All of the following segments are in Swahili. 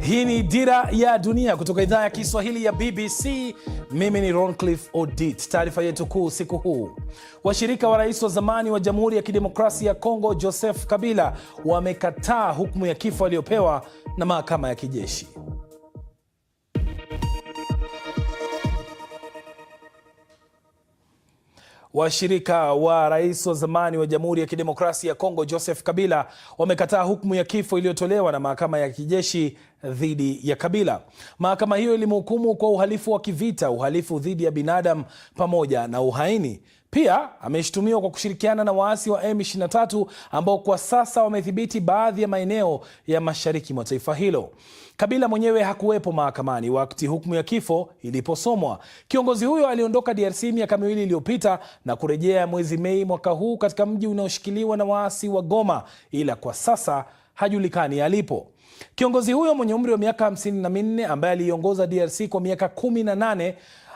Hii ni Dira ya Dunia kutoka idhaa ya Kiswahili ya BBC. Mimi ni roncliff Odit. Taarifa yetu kuu siku huu, washirika wa rais wa zamani wa Jamhuri ya Kidemokrasia ya Kongo Joseph Kabila wamekataa hukumu ya kifo aliyopewa na mahakama ya kijeshi. Washirika wa rais wa zamani wa Jamhuri ya Kidemokrasia ya Kongo Joseph Kabila wamekataa hukumu ya kifo iliyotolewa na mahakama ya kijeshi dhidi ya Kabila. Mahakama hiyo ilimhukumu kwa uhalifu wa kivita, uhalifu dhidi ya binadamu pamoja na uhaini. Pia ameshtumiwa kwa kushirikiana na waasi wa M23 ambao kwa sasa wamedhibiti baadhi ya maeneo ya mashariki mwa taifa hilo. Kabila mwenyewe hakuwepo mahakamani wakati hukumu ya kifo iliposomwa. Kiongozi huyo aliondoka DRC miaka miwili iliyopita na kurejea mwezi Mei mwaka huu katika mji unaoshikiliwa na waasi wa Goma, ila kwa sasa hajulikani alipo. Kiongozi huyo mwenye umri wa miaka 54 ambaye aliiongoza DRC kwa miaka 18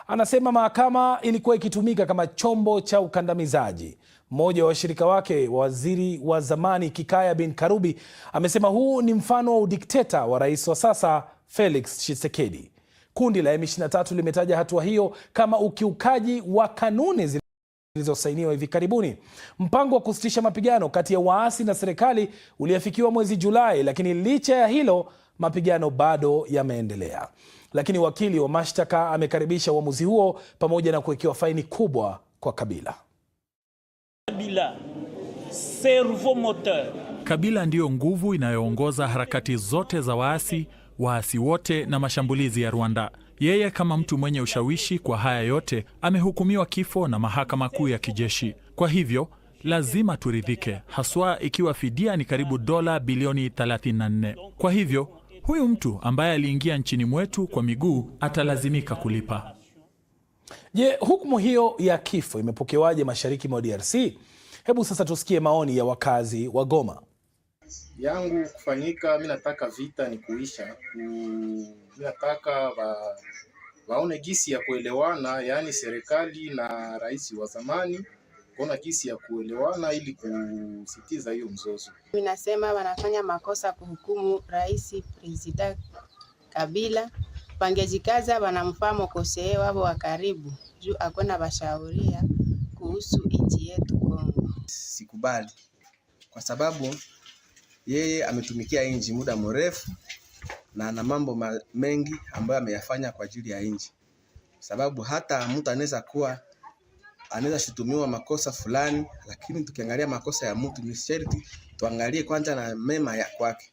Anasema mahakama ilikuwa ikitumika kama chombo cha ukandamizaji. Mmoja wa washirika wake wa waziri wa zamani Kikaya bin Karubi amesema huu ni mfano wa udikteta wa rais wa sasa Felix Tshisekedi. Kundi la M23 limetaja hatua hiyo kama ukiukaji wa kanuni zilizosainiwa hivi karibuni. Mpango wa kusitisha mapigano kati ya waasi na serikali uliafikiwa mwezi Julai, lakini licha ya hilo mapigano bado yameendelea lakini wakili wa mashtaka amekaribisha uamuzi huo pamoja na kuwekewa faini kubwa kwa Kabila. Kabila, cerveau moteur. Kabila ndiyo nguvu inayoongoza harakati zote za waasi, waasi wote na mashambulizi ya Rwanda. Yeye kama mtu mwenye ushawishi kwa haya yote amehukumiwa kifo na mahakama kuu ya kijeshi. Kwa hivyo lazima turidhike, haswa ikiwa fidia ni karibu dola bilioni 34. Kwa hivyo huyu mtu ambaye aliingia nchini mwetu kwa miguu atalazimika kulipa. Je, hukumu hiyo ya kifo imepokewaje mashariki mwa DRC? Hebu sasa tusikie maoni ya wakazi wa Goma. yangu kufanyika, mi nataka vita ni kuisha, mm, mi nataka waone gisi ya kuelewana, yaani serikali na rais wa zamani kuona jinsi ya kuelewana ili kusitiza hiyo mzozo. Mimi nasema wanafanya makosa kuhukumu rais President Kabila, wangejikaza wanamfaa mokosee wavo wa karibu juu akona washauria kuhusu nchi yetu Kongo. Sikubali kwa sababu yeye ametumikia nchi muda mrefu na ana mambo mengi ambayo ameyafanya kwa ajili ya nchi, sababu hata mtu anaweza kuwa anaweza shutumiwa makosa fulani, lakini tukiangalia makosa ya mtu ni sharti tuangalie kwanza na mema ya kwake.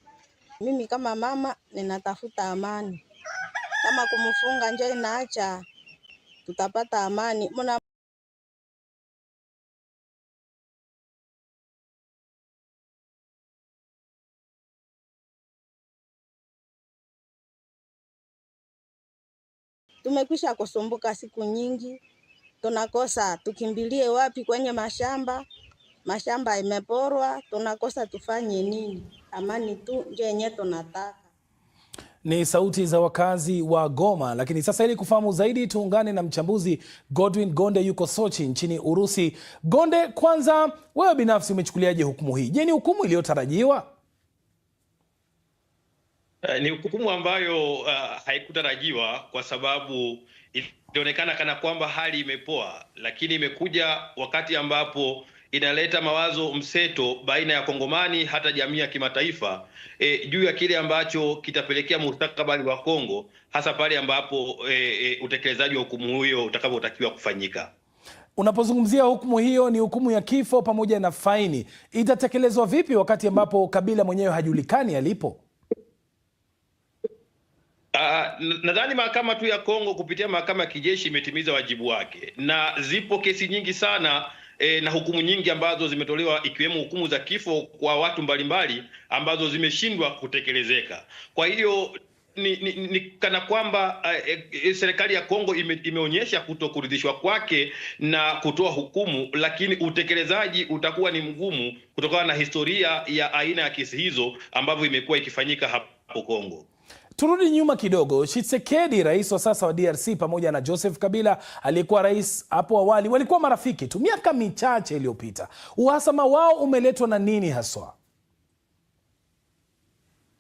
Mimi kama mama ninatafuta amani, kama kumfunga njo inaacha tutapata amani Muna... tumekwisha kusumbuka siku nyingi tunakosa tukimbilie wapi? Kwenye mashamba, mashamba imeporwa, tunakosa tufanye nini? Amani tu nje yenye tunataka. Ni sauti za wakazi wa Goma. Lakini sasa, ili kufahamu zaidi, tuungane na mchambuzi Godwin Gonde, yuko Sochi nchini Urusi. Gonde, kwanza wewe binafsi umechukuliaje hukumu hii? Je, ni hukumu iliyotarajiwa? Eh, ni hukumu ambayo uh, haikutarajiwa kwa sababu ilionekana kana kwamba hali imepoa, lakini imekuja wakati ambapo inaleta mawazo mseto baina ya Kongomani hata jamii ya kimataifa e, juu ya kile ambacho kitapelekea mustakabali wa Kongo hasa pale ambapo e, e, utekelezaji wa hukumu hiyo utakavyotakiwa kufanyika. Unapozungumzia hukumu hiyo, ni hukumu ya kifo pamoja na faini. Itatekelezwa vipi wakati ambapo Kabila mwenyewe hajulikani alipo? Uh, nadhani mahakama tu ya Kongo kupitia mahakama ya kijeshi imetimiza wajibu wake, na zipo kesi nyingi sana e, na hukumu nyingi ambazo zimetolewa ikiwemo hukumu za kifo kwa watu mbalimbali ambazo zimeshindwa kutekelezeka. Kwa hiyo ni, ni, ni kana kwamba eh, eh, serikali ya Kongo ime, imeonyesha kutokuridhishwa kwake na kutoa hukumu, lakini utekelezaji utakuwa ni mgumu kutokana na historia ya aina ya kesi hizo ambavyo imekuwa ikifanyika hapo Kongo. Turudi nyuma kidogo. Tshisekedi, rais wa sasa wa DRC, pamoja na Joseph Kabila aliyekuwa rais hapo awali, walikuwa marafiki tu miaka michache iliyopita. Uhasama wao umeletwa na nini haswa?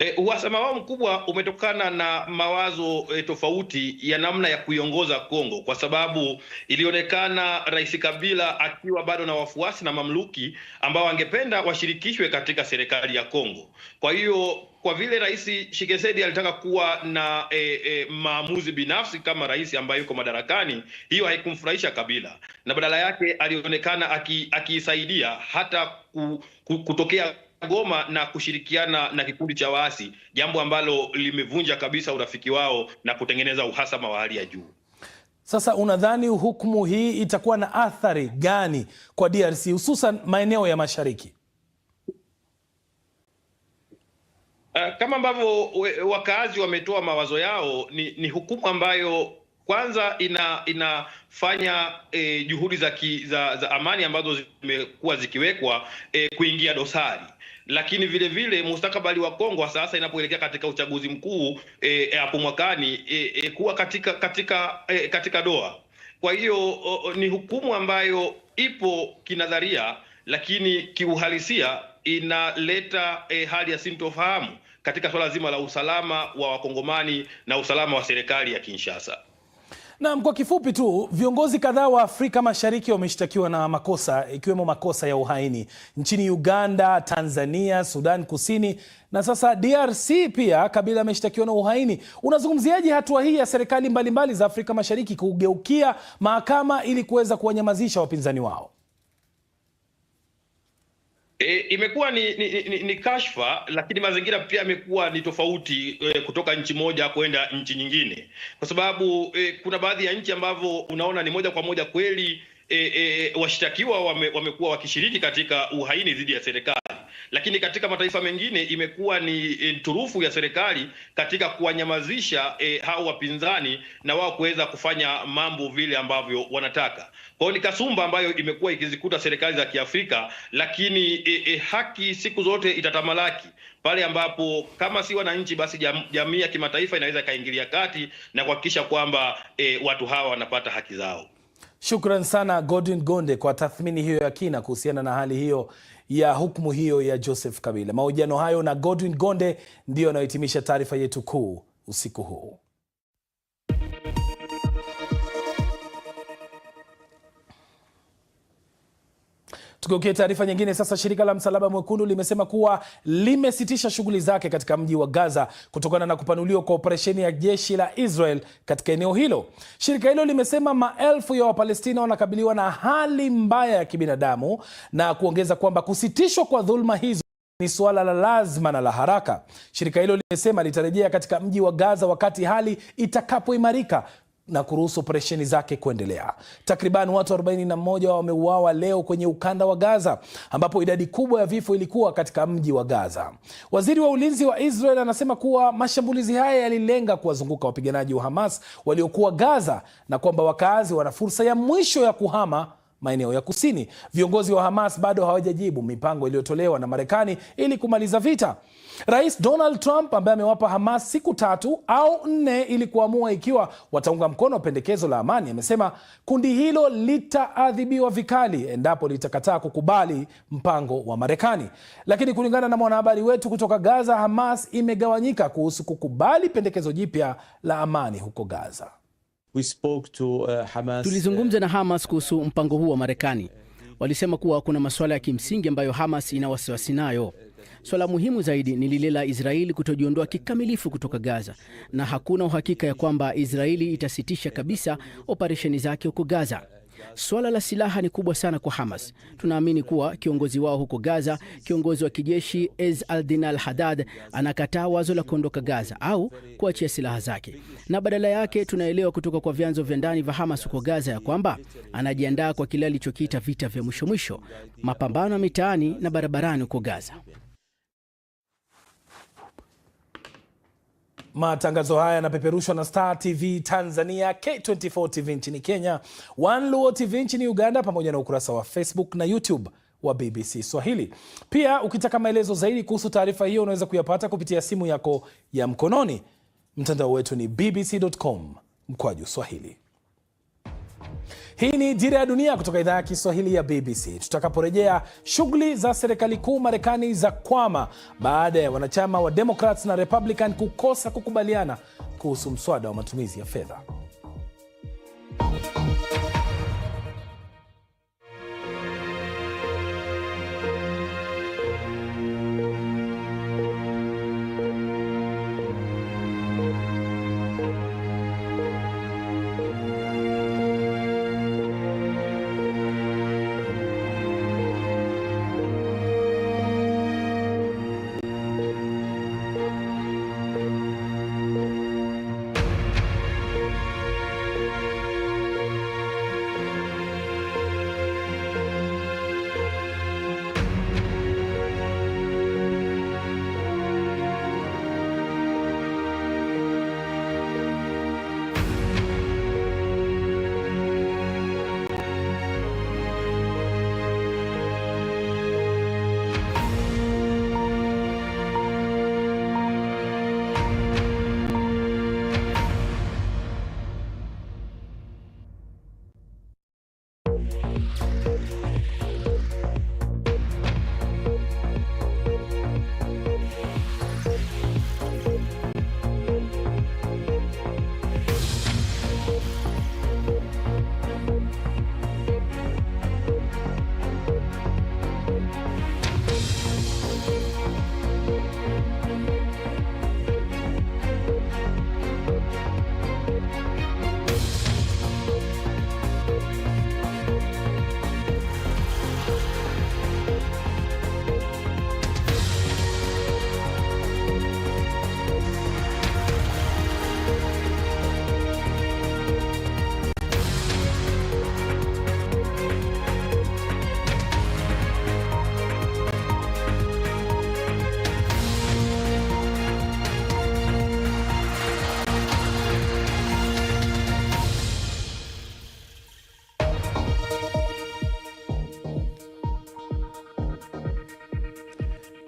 E, uhasama wao mkubwa umetokana na mawazo e, tofauti ya namna ya kuiongoza Kongo, kwa sababu ilionekana Rais Kabila akiwa bado na wafuasi na mamluki ambao angependa washirikishwe katika serikali ya Kongo. Kwa hiyo kwa vile Rais Tshisekedi alitaka kuwa na e, e, maamuzi binafsi kama rais ambaye yuko madarakani, hiyo haikumfurahisha Kabila, na badala yake alionekana akiisaidia aki hata kutokea Goma na kushirikiana na kikundi cha waasi, jambo ambalo limevunja kabisa urafiki wao na kutengeneza uhasama wa hali ya juu. Sasa unadhani hukumu hii itakuwa na athari gani kwa DRC hususan maeneo ya mashariki? Uh, kama ambavyo wakaazi wametoa mawazo yao ni, ni hukumu ambayo kwanza ina inafanya eh, juhudi za, ki, za, za amani ambazo zimekuwa zikiwekwa eh, kuingia dosari lakini vile vile mustakabali wa Kongo sasa inapoelekea katika uchaguzi mkuu e, e, hapo e, mwakani e, e, kuwa katika katika e, katika doa. Kwa hiyo ni hukumu ambayo ipo kinadharia, lakini kiuhalisia inaleta e, hali ya sintofahamu katika swala zima la usalama wa Wakongomani na usalama wa serikali ya Kinshasa. Naam, kwa kifupi tu, viongozi kadhaa wa Afrika Mashariki wameshtakiwa na makosa ikiwemo makosa ya uhaini nchini Uganda, Tanzania, Sudan Kusini na sasa DRC pia Kabila ameshtakiwa na uhaini. Unazungumziaje hatua hii ya serikali mbalimbali za Afrika Mashariki kugeukia mahakama ili kuweza kuwanyamazisha wapinzani wao? E, imekuwa ni, ni, ni, ni kashfa, lakini mazingira pia yamekuwa ni tofauti e, kutoka nchi moja kwenda nchi nyingine, kwa sababu e, kuna baadhi ya nchi ambavyo unaona ni moja kwa moja kweli e, e, washtakiwa wame, wamekuwa wakishiriki katika uhaini dhidi ya serikali, lakini katika mataifa mengine imekuwa ni e, turufu ya serikali katika kuwanyamazisha e, hao wapinzani na wao kuweza kufanya mambo vile ambavyo wanataka. Kwa hiyo ni kasumba ambayo imekuwa ikizikuta serikali za Kiafrika, lakini e, e, haki siku zote itatamalaki pale ambapo kama si wananchi basi jam, jamii ya kimataifa inaweza ikaingilia kati na kuhakikisha kwamba e, watu hawa wanapata haki zao. Shukran sana Godwin Gonde kwa tathmini hiyo ya kina kuhusiana na hali hiyo ya hukumu hiyo ya Joseph Kabila. Mahojiano hayo na Godwin Gonde ndiyo yanayohitimisha taarifa yetu kuu usiku huu. Tukiokia taarifa nyingine sasa, shirika la Msalaba Mwekundu limesema kuwa limesitisha shughuli zake katika mji wa Gaza kutokana na kupanuliwa kwa operesheni ya jeshi la Israel katika eneo hilo. Shirika hilo limesema maelfu ya Wapalestina wanakabiliwa na hali mbaya ya kibinadamu na kuongeza kwamba kusitishwa kwa dhuluma hizo ni suala la lazima na la haraka. Shirika hilo limesema litarejea katika mji wa Gaza wakati hali itakapoimarika na kuruhusu operesheni zake kuendelea. Takriban watu 41 wameuawa leo kwenye ukanda wa Gaza, ambapo idadi kubwa ya vifo ilikuwa katika mji wa Gaza. Waziri wa ulinzi wa Israel anasema kuwa mashambulizi haya yalilenga kuwazunguka wapiganaji wa Hamas waliokuwa Gaza na kwamba wakaazi wana fursa ya mwisho ya kuhama maeneo ya kusini. Viongozi wa Hamas bado hawajajibu mipango iliyotolewa na Marekani ili kumaliza vita. Rais Donald Trump ambaye amewapa Hamas siku tatu au nne ili kuamua ikiwa wataunga mkono pendekezo la amani, amesema kundi hilo litaadhibiwa vikali endapo litakataa kukubali mpango wa Marekani. Lakini kulingana na mwanahabari wetu kutoka Gaza, Hamas imegawanyika kuhusu kukubali pendekezo jipya la amani huko Gaza. We spoke to, uh, Hamas. Tulizungumza uh, na Hamas kuhusu mpango huu wa Marekani. Walisema kuwa kuna masuala ya kimsingi ambayo Hamas ina wasiwasi nayo. Swala muhimu zaidi ni lile la Israeli kutojiondoa kikamilifu kutoka Gaza, na hakuna uhakika ya kwamba Israeli itasitisha kabisa operesheni zake huko Gaza. Swala la silaha ni kubwa sana kwa Hamas. Tunaamini kuwa kiongozi wao huko Gaza, kiongozi wa kijeshi Ez al Al Hadad, anakataa wazo la kuondoka Gaza au kuachia silaha zake, na badala yake tunaelewa kutoka kwa vyanzo vya ndani vya Hamas huko Gaza ya kwamba anajiandaa kwa kile alichokiita vita vya mwisho mwisho, mapambano ya mitaani na barabarani huko Gaza. Matangazo haya yanapeperushwa na Star TV Tanzania, K24 TV nchini Kenya, One Luo TV nchini Uganda, pamoja na ukurasa wa Facebook na YouTube wa BBC Swahili. Pia ukitaka maelezo zaidi kuhusu taarifa hiyo unaweza kuyapata kupitia simu yako ya mkononi. Mtandao wetu ni bbc.com mkwaju Swahili. Hii ni Dira ya Dunia kutoka idhaa ya Kiswahili ya BBC. Tutakaporejea, shughuli za serikali kuu Marekani za kwama baada ya wanachama wa Democrats na Republican kukosa kukubaliana kuhusu mswada wa matumizi ya fedha.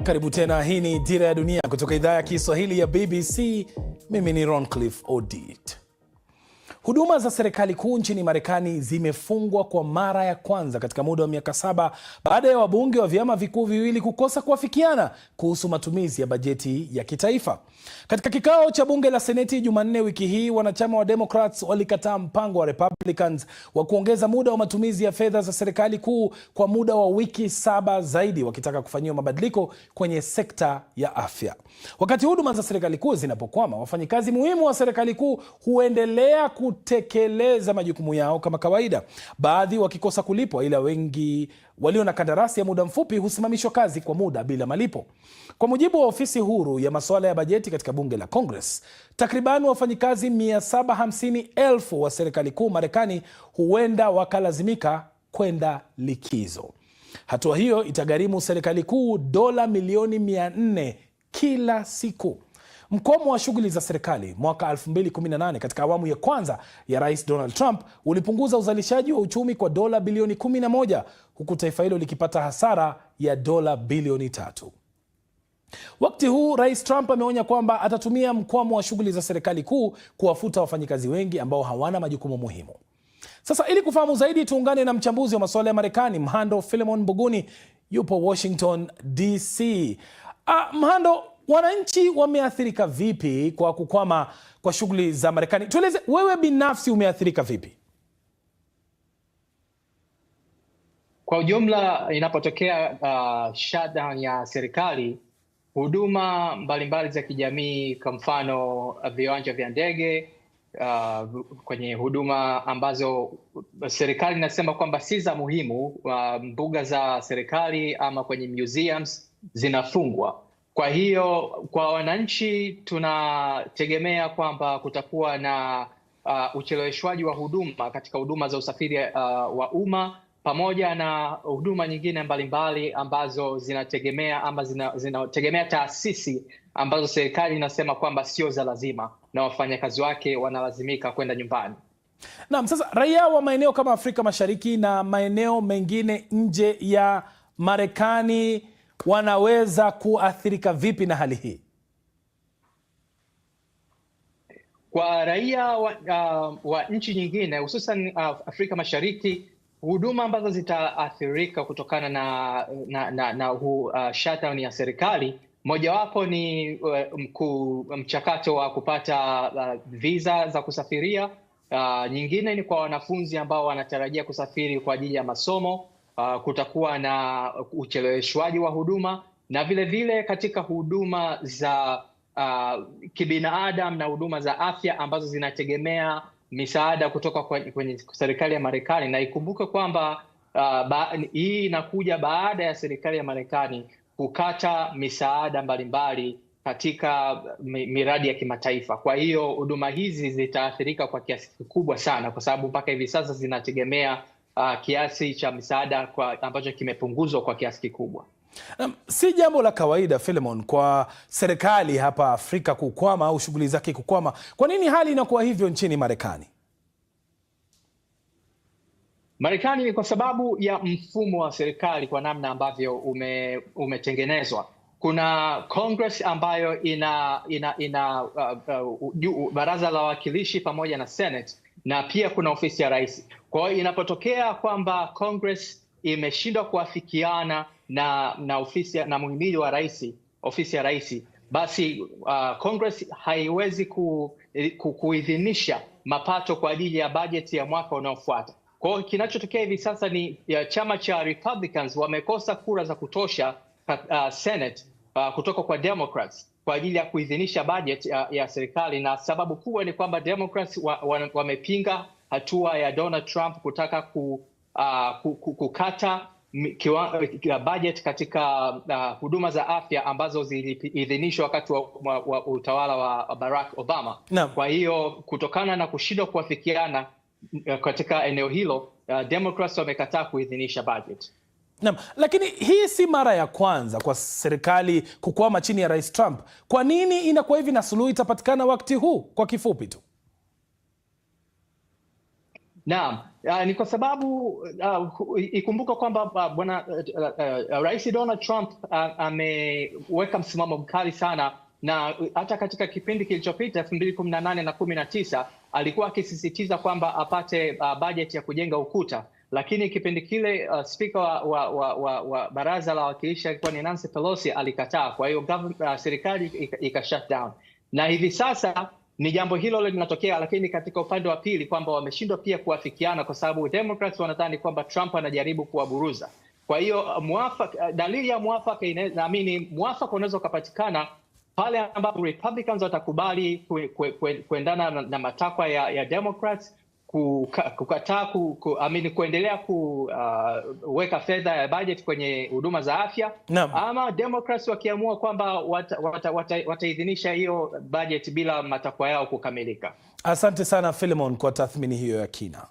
Karibu tena, hii ni Dira ya Dunia kutoka idhaa ya Kiswahili ya BBC. Mimi ni roncliff Odit. Huduma za serikali kuu nchini Marekani zimefungwa kwa mara ya kwanza katika muda wa miaka saba baada ya wabunge wa vyama vikuu viwili kukosa kuafikiana kuhusu matumizi ya bajeti ya kitaifa. Katika kikao cha bunge la Seneti Jumanne wiki hii, wanachama wa Democrats walikataa mpango wa Republicans wa kuongeza muda wa matumizi ya fedha za serikali kuu kwa muda wa wiki saba zaidi, wakitaka kufanyiwa mabadiliko kwenye sekta ya afya. Wakati huduma za serikali kuu zinapokwama, wafanyikazi muhimu wa serikali kuu huendelea ku kutekeleza majukumu yao kama kawaida, baadhi wakikosa kulipwa, ila wengi walio na kandarasi ya muda mfupi husimamishwa kazi kwa muda bila malipo. Kwa mujibu wa ofisi huru ya masuala ya bajeti katika bunge la Congress, takriban wafanyikazi 750,000 wa serikali kuu Marekani huenda wakalazimika kwenda likizo. Hatua hiyo itagharimu serikali kuu dola milioni 400 kila siku. Mkomo wa shughuli za serikali mwaka 2018 katika awamu ya kwanza ya Rais Donald Trump ulipunguza uzalishaji wa uchumi kwa dola bilioni 11 huku taifa hilo likipata hasara ya dola bilioni tatu. Wakati huu Rais Trump ameonya kwamba atatumia mkwamo wa shughuli za serikali kuu kuwafuta wafanyikazi wengi ambao hawana majukumu muhimu. Sasa ili kufahamu zaidi, tuungane na mchambuzi wa masuala ya Marekani Mhando Philemon Mbuguni, yupo Washington DC. Ah, Mhando, wananchi wameathirika vipi kwa kukwama kwa shughuli za Marekani? Tueleze wewe binafsi umeathirika vipi? Kwa ujumla, inapotokea uh, shutdown ya serikali, huduma mbalimbali za kijamii, kwa mfano viwanja vya ndege uh, kwenye huduma ambazo serikali inasema kwamba si za muhimu, uh, mbuga za serikali ama kwenye museums zinafungwa kwa hiyo kwa wananchi tunategemea kwamba kutakuwa na uh, ucheleweshwaji wa huduma katika huduma za usafiri uh, wa umma pamoja na huduma nyingine mbalimbali mbali ambazo zinategemea ama zina, zinategemea taasisi ambazo serikali inasema kwamba sio za lazima na wafanyakazi wake wanalazimika kwenda nyumbani. Naam, sasa raia wa maeneo kama Afrika Mashariki na maeneo mengine nje ya Marekani wanaweza kuathirika vipi na hali hii? Kwa raia wa, uh, wa nchi nyingine hususan uh, Afrika Mashariki, huduma ambazo zitaathirika kutokana na, na, na, na huu uh, shutdown ya serikali mojawapo ni uh, mchakato wa kupata uh, visa za kusafiria. Uh, nyingine ni kwa wanafunzi ambao wanatarajia kusafiri kwa ajili ya masomo uh, kutakuwa na ucheleweshwaji wa huduma na vile vile katika huduma za uh, kibinadamu na huduma za afya ambazo zinategemea misaada kutoka kwenye, serikali ya Marekani, na ikumbuke kwamba uh, ba, hii inakuja baada ya serikali ya Marekani kukata misaada mbalimbali katika miradi ya kimataifa. Kwa hiyo huduma hizi zitaathirika kwa kiasi kikubwa sana, kwa sababu mpaka hivi sasa zinategemea uh, kiasi cha msaada kwa ambacho kimepunguzwa kwa kiasi kikubwa. Um, si jambo la kawaida Philemon, kwa serikali hapa Afrika kukwama au shughuli zake kukwama. Kwa nini hali inakuwa hivyo nchini Marekani? Marekani ni kwa sababu ya mfumo wa serikali kwa namna ambavyo ume, umetengenezwa. Kuna Congress ambayo ina, ina, ina uh, uh, baraza la wawakilishi pamoja na Senate na pia kuna ofisi ya rais. Kwa hiyo inapotokea kwamba Congress imeshindwa kuafikiana na na ofisi na muhimili wa rais, ofisi ya rais, basi uh, Congress haiwezi ku, ku, kuidhinisha mapato kwa ajili ya bajeti ya mwaka unaofuata. Kwa hiyo kinachotokea hivi sasa ni ya chama cha Republicans wamekosa kura za kutosha uh, Senate uh, kutoka kwa Democrats kwa ajili ya kuidhinisha bajeti ya, ya serikali, na sababu kubwa ni kwamba Democrats wamepinga wa, wa hatua ya Donald Trump kutaka ku, uh, ku, ku, kukata bajeti katika uh, huduma za afya ambazo ziliidhinishwa wakati wa, wa, wa utawala wa Barack Obama no. Kwa hiyo kutokana na kushindwa kuafikiana eh, katika eneo hilo uh, Democrats wamekataa kuidhinisha bajeti. Naam, lakini hii si mara ya kwanza kwa serikali kukwama chini ya Rais Trump. Kwa nini inakuwa hivi na suluhu itapatikana wakati huu? Kwa kifupi tu. Naam, uh, ni kwa sababu uh, ikumbuka kwamba uh, bwana uh, uh, uh, Rais Donald Trump uh, ameweka msimamo mkali sana na hata katika kipindi kilichopita elfu na nane na kumi na alikuwa akisisitiza kwamba apate uh, bajeti ya kujenga ukuta lakini kipindi kile uh, spika wa, wa, wa, wa, wa baraza la wakilishi alikuwa ni Nancy Pelosi, alikataa. Kwa hiyo uh, serikali ika, shut down, na hivi sasa ni jambo hilo linatokea, lakini katika upande wa pili kwamba wameshindwa pia kuafikiana, kwa sababu Democrats wanadhani kwamba Trump anajaribu kuwaburuza. Kwa hiyo uh, muafaka, uh, dalili ya muafaka, naamini muafaka unaweza ukapatikana pale ambapo Republicans watakubali kuendana na, na matakwa ya, ya Democrats kukataa ku, ku, amini, kuendelea kuweka uh, fedha ya bajet kwenye huduma za afya no. ama Democrats wakiamua kwamba wataidhinisha wata, wata hiyo bajeti bila matakwa yao kukamilika. Asante sana Philemon kwa tathmini hiyo ya kina.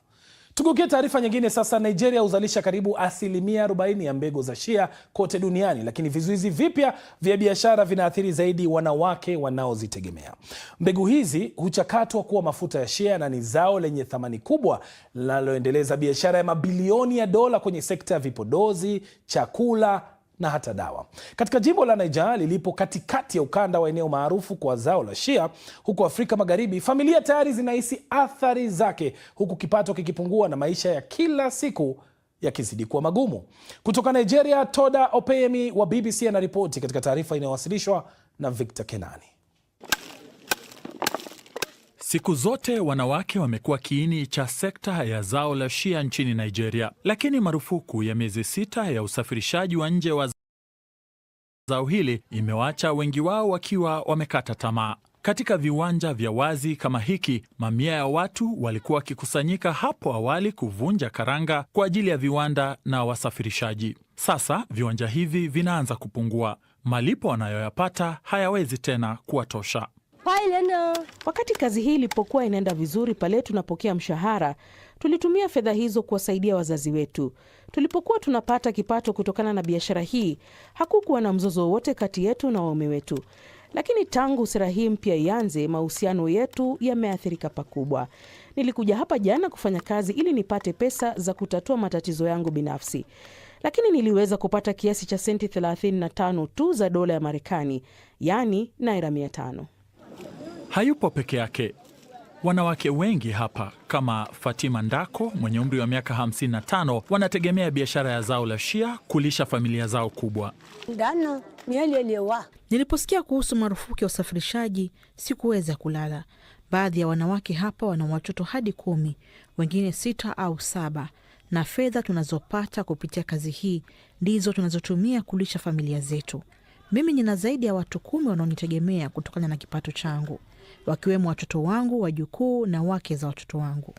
Tugukie taarifa nyingine sasa. Nigeria huzalisha karibu asilimia 40 ya mbegu za shea kote duniani, lakini vizuizi vipya vya biashara vinaathiri zaidi wanawake wanaozitegemea. Mbegu hizi huchakatwa kuwa mafuta ya shea na ni zao lenye thamani kubwa linaloendeleza biashara ya mabilioni ya dola kwenye sekta ya vipodozi, chakula na hata dawa. Katika jimbo la Niger lilipo katikati ya ukanda wa eneo maarufu kwa zao la shea huko Afrika Magharibi, familia tayari zinahisi athari zake, huku kipato kikipungua na maisha ya kila siku yakizidi kuwa magumu. Kutoka Nigeria, Toda Opeyemi wa BBC anaripoti katika taarifa inayowasilishwa na Victor Kenani. Siku zote wanawake wamekuwa kiini cha sekta ya zao la shea nchini Nigeria, lakini marufuku ya miezi sita ya usafirishaji wa nje wa zao hili imewaacha wengi wao wakiwa wamekata tamaa. Katika viwanja vya wazi kama hiki, mamia ya watu walikuwa wakikusanyika hapo awali kuvunja karanga kwa ajili ya viwanda na wasafirishaji. Sasa viwanja hivi vinaanza kupungua, malipo wanayoyapata hayawezi tena kuwatosha. Wakati kazi hii ilipokuwa inaenda vizuri, pale tunapokea mshahara Tulitumia fedha hizo kuwasaidia wazazi wetu. Tulipokuwa tunapata kipato kutokana na biashara hii, hakukuwa na mzozo wowote kati yetu na waume wetu. Lakini tangu sera hii mpya ianze, mahusiano yetu yameathirika pakubwa. Nilikuja hapa jana kufanya kazi ili nipate pesa za kutatua matatizo yangu binafsi, lakini niliweza kupata kiasi cha senti 35 tu za dola ya Marekani, yaani naira 500. Hayupo peke yake. Wanawake wengi hapa kama Fatima Ndako mwenye umri wa miaka 55 wanategemea biashara ya zao la shia kulisha familia zao kubwa. Niliposikia kuhusu marufuku ya usafirishaji sikuweza kulala. Baadhi ya wanawake hapa wana watoto hadi kumi, wengine sita au saba, na fedha tunazopata kupitia kazi hii ndizo tunazotumia kulisha familia zetu. Mimi nina zaidi ya watu kumi wanaonitegemea kutokana na kipato changu wakiwemo watoto wangu, wajukuu na wake za watoto wangu.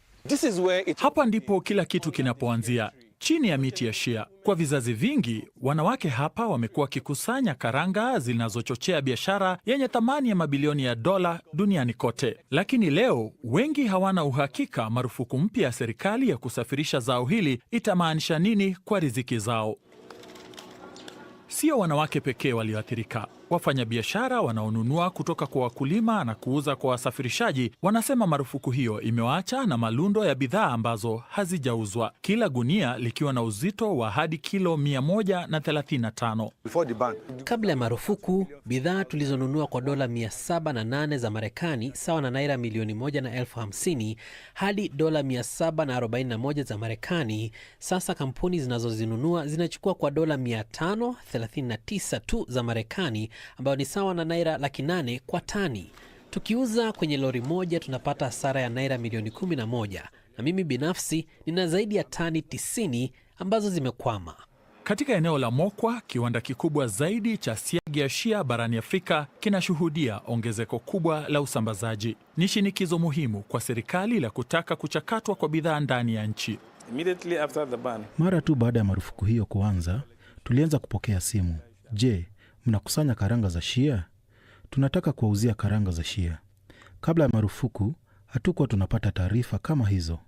Hapa ndipo kila kitu kinapoanzia chini ya miti ya shia Kwa vizazi vingi, wanawake hapa wamekuwa wakikusanya karanga zinazochochea biashara yenye thamani ya mabilioni ya dola duniani kote. Lakini leo wengi hawana uhakika marufuku mpya ya serikali ya kusafirisha zao hili itamaanisha nini kwa riziki zao. Sio wanawake pekee walioathirika. Wafanyabiashara wanaonunua kutoka kwa wakulima na kuuza kwa wasafirishaji wanasema marufuku hiyo imewaacha na malundo ya bidhaa ambazo hazijauzwa, kila gunia likiwa na uzito wa hadi kilo 135. Kabla ya marufuku, bidhaa tulizonunua kwa dola 708 za Marekani sawa na naira milioni moja na elfu hamsini hadi dola 741 za Marekani. Sasa kampuni zinazozinunua zinachukua kwa dola 539 tu za Marekani ambayo ni sawa na naira laki nane kwa tani. Tukiuza kwenye lori moja tunapata hasara ya naira milioni kumi na moja na mimi binafsi nina zaidi ya tani tisini ambazo zimekwama. Katika eneo la Mokwa, kiwanda kikubwa zaidi cha siagi ya shea barani Afrika kinashuhudia ongezeko kubwa la usambazaji. Ni shinikizo muhimu kwa serikali la kutaka kuchakatwa kwa bidhaa ndani ya nchi. Mara tu baada ya marufuku hiyo kuanza, tulianza kupokea simu. Je, mnakusanya karanga za shia? Tunataka kuwauzia karanga za shia. Kabla ya marufuku hatukuwa tunapata taarifa kama hizo.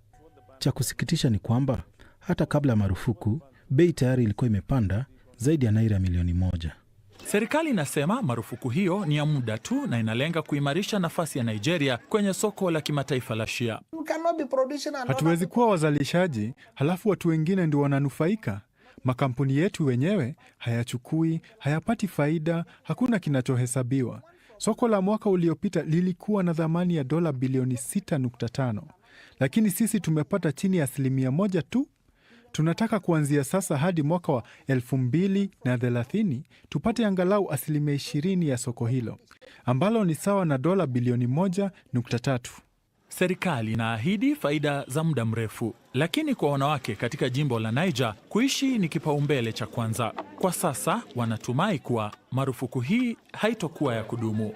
Cha kusikitisha ni kwamba hata kabla ya marufuku bei tayari ilikuwa imepanda zaidi ya naira milioni moja. Serikali inasema marufuku hiyo ni ya muda tu na inalenga kuimarisha nafasi ya Nigeria kwenye soko la kimataifa la shia. Hatuwezi kuwa wazalishaji halafu watu wengine ndio wananufaika. Makampuni yetu wenyewe hayachukui, hayapati faida, hakuna kinachohesabiwa. Soko la mwaka uliopita lilikuwa na thamani ya dola bilioni 6.5, lakini sisi tumepata chini ya asilimia moja tu. Tunataka kuanzia sasa hadi mwaka wa 2030 tupate angalau asilimia 20 ya soko hilo ambalo ni sawa na dola bilioni 1.3. Serikali inaahidi faida za muda mrefu, lakini kwa wanawake katika jimbo la Niger kuishi ni kipaumbele cha kwanza. Kwa sasa wanatumai kuwa marufuku hii haitokuwa ya kudumu.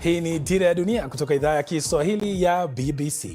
Hii ni Dira ya Dunia kutoka idhaa ya Kiswahili ya BBC.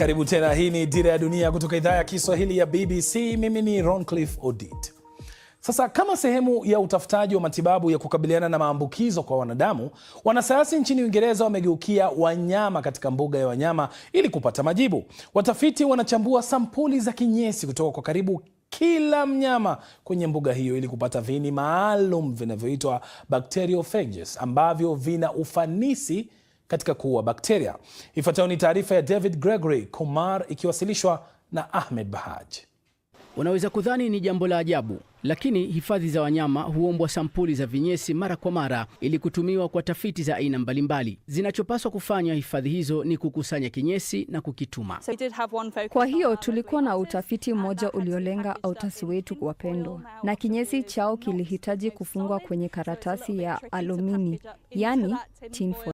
Karibu tena. Hii ni Dira ya Dunia kutoka idhaa ya Kiswahili ya BBC. Mimi ni Roncliff Odit. Sasa, kama sehemu ya utafutaji wa matibabu ya kukabiliana na maambukizo kwa wanadamu, wanasayansi nchini Uingereza wamegeukia wanyama katika mbuga ya wanyama ili kupata majibu. Watafiti wanachambua sampuli za kinyesi kutoka kwa karibu kila mnyama kwenye mbuga hiyo ili kupata viini maalum vinavyoitwa bacteriophages ambavyo vina ufanisi katika kuua bakteria. Ifuatayo ni taarifa ya David Gregory Kumar ikiwasilishwa na Ahmed Bahaj. Unaweza kudhani ni jambo la ajabu, lakini hifadhi za wanyama huombwa sampuli za vinyesi mara kwa mara ili kutumiwa kwa tafiti za aina mbalimbali. Zinachopaswa kufanywa hifadhi hizo ni kukusanya kinyesi na kukituma. Kwa hiyo tulikuwa na utafiti mmoja uliolenga autasi wetu wapendwa, na kinyesi chao kilihitaji kufungwa kwenye karatasi ya alumini, yani tinfoil.